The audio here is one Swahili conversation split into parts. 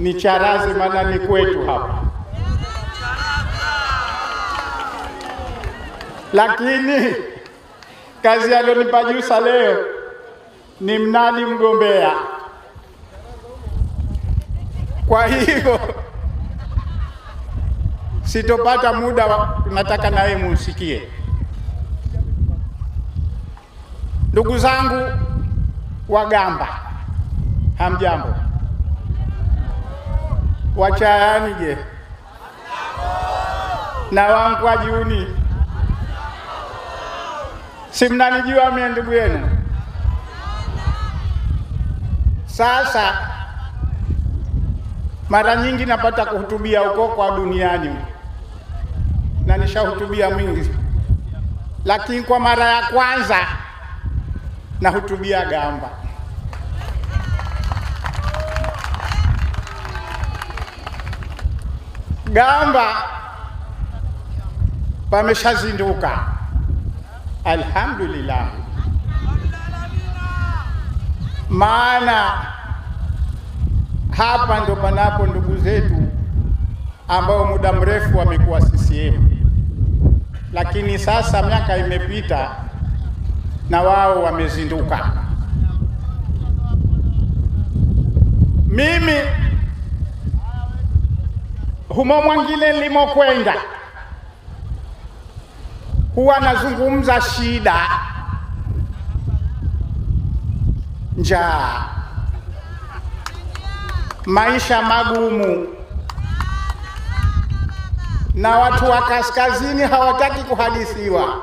ni Charazi, maana ni kwetu hapa, lakini kazi alionipa Jusa leo ni mnadi mgombea. Kwa hiyo sitopata muda wa, nataka naye musikie ndugu zangu Wagamba, hamjambo? wachayanije na wankwa juni, si mnanijua mie ndugu yenu. Sasa mara nyingi napata kuhutubia huko kwa duniani na nishahutubia mwingi, lakini kwa mara ya kwanza nahutubia Gamba. Gamba pameshazinduka, alhamdulillah. Maana hapa ndo panapo ndugu zetu ambao muda mrefu wamekuwa CCM, lakini sasa miaka imepita na wao wamezinduka. Mimi humo mwangile limokwenda huwa nazungumza shida, njaa, maisha magumu, na watu wa kaskazini hawataki kuhadithiwa.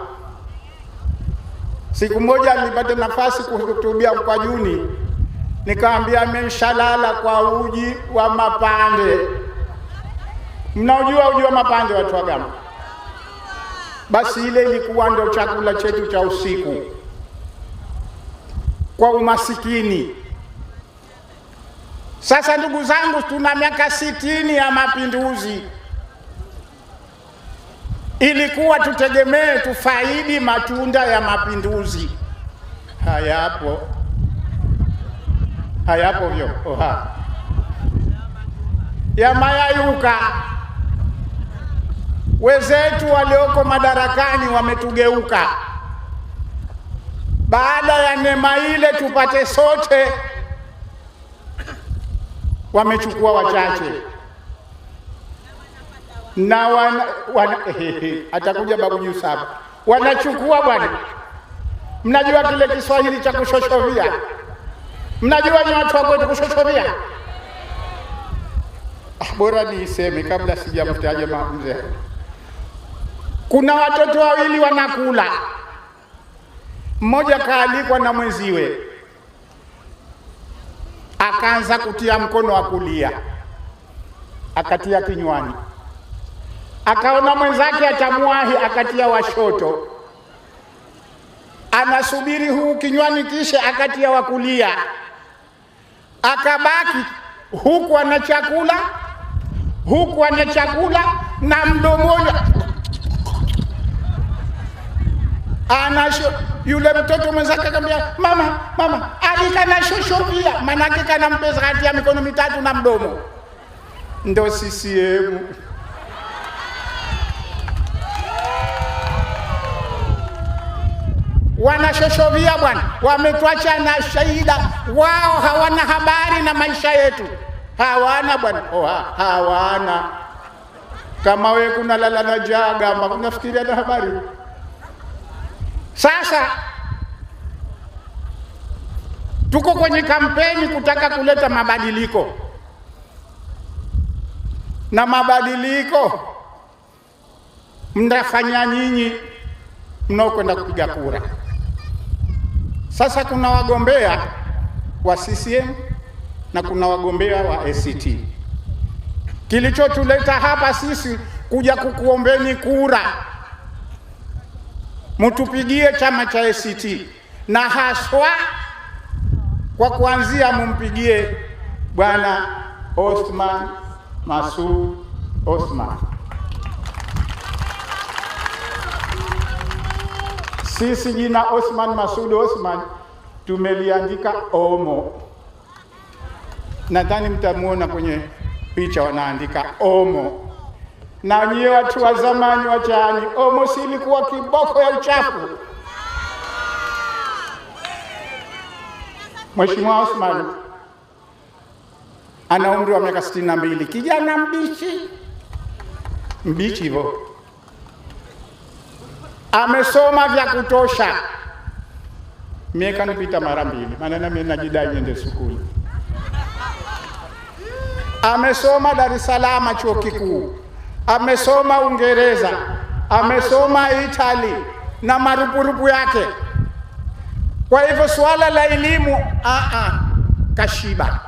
Siku moja nilipata nafasi kuhutubia Mkwajuni, nikaambia mimi kwa uji wa mapande Mnaojua ujua mapande watu wa Gama, basi ile ilikuwa ndio chakula chetu cha usiku kwa umasikini. Sasa ndugu zangu, tuna miaka sitini ya mapinduzi. Ilikuwa tutegemee tufaidi matunda ya mapinduzi, hayapo hayapo vyo oha yamayayuka Wenzetu walioko madarakani wametugeuka. Baada ya neema ile tupate sote, wamechukua wachache na wana, wana, atakuja babu Yusuf wanachukua bwana. Mnajua kile Kiswahili cha kushoshovia, mnajua ni watu wa kwetu kushoshovia. Ah, bora niiseme kabla sijamtaja mzee kuna watoto wawili wanakula, mmoja kaalikwa na mwenziwe, akaanza kutia mkono wa kulia, akatia kinywani, akaona mwenzake atamwahi, akatia washoto, anasubiri huu kinywani, kisha akatia wa kulia, akabaki huku ana chakula, huku ana chakula na mdomoni anasho yule mtoto mwenzake akamwambia mama, mama Ali kanashoshovia, manake mpeza kati ya mikono mitatu na mdomo. Ndo CCM wanashoshovia bwana, wametwacha na shahida wao, hawana habari na maisha yetu, hawana bwana, oh, hawana kama we kunalala na jaga, unafikiria na habari sasa tuko kwenye kampeni kutaka kuleta mabadiliko, na mabadiliko mnafanya nyinyi mnaokwenda kupiga kura. Sasa kuna wagombea wa CCM na kuna wagombea wa ACT. Kilichotuleta hapa sisi kuja kukuombeni kura mtupigie chama cha ACT na haswa kwa kuanzia mumpigie Bwana Othman Masud Othman. Sisi jina Othman Masud Othman tumeliandika omo, nadhani mtamuona kwenye picha wanaandika omo na nyie watu wa zamani wa Chaani, Omosi ilikuwa kiboko ya uchafu. Mheshimiwa Osman ana umri wa miaka sitini na mbili, kijana mbichi mbichi hivyo, amesoma vya kutosha. Mie nipita mara mbili, maana mimi najidai niende sukuli. Amesoma Dar es Salaam chuo kikuu amesoma Uingereza, amesoma Itali na marupurupu yake. Kwa hivyo suala la elimu a a kashiba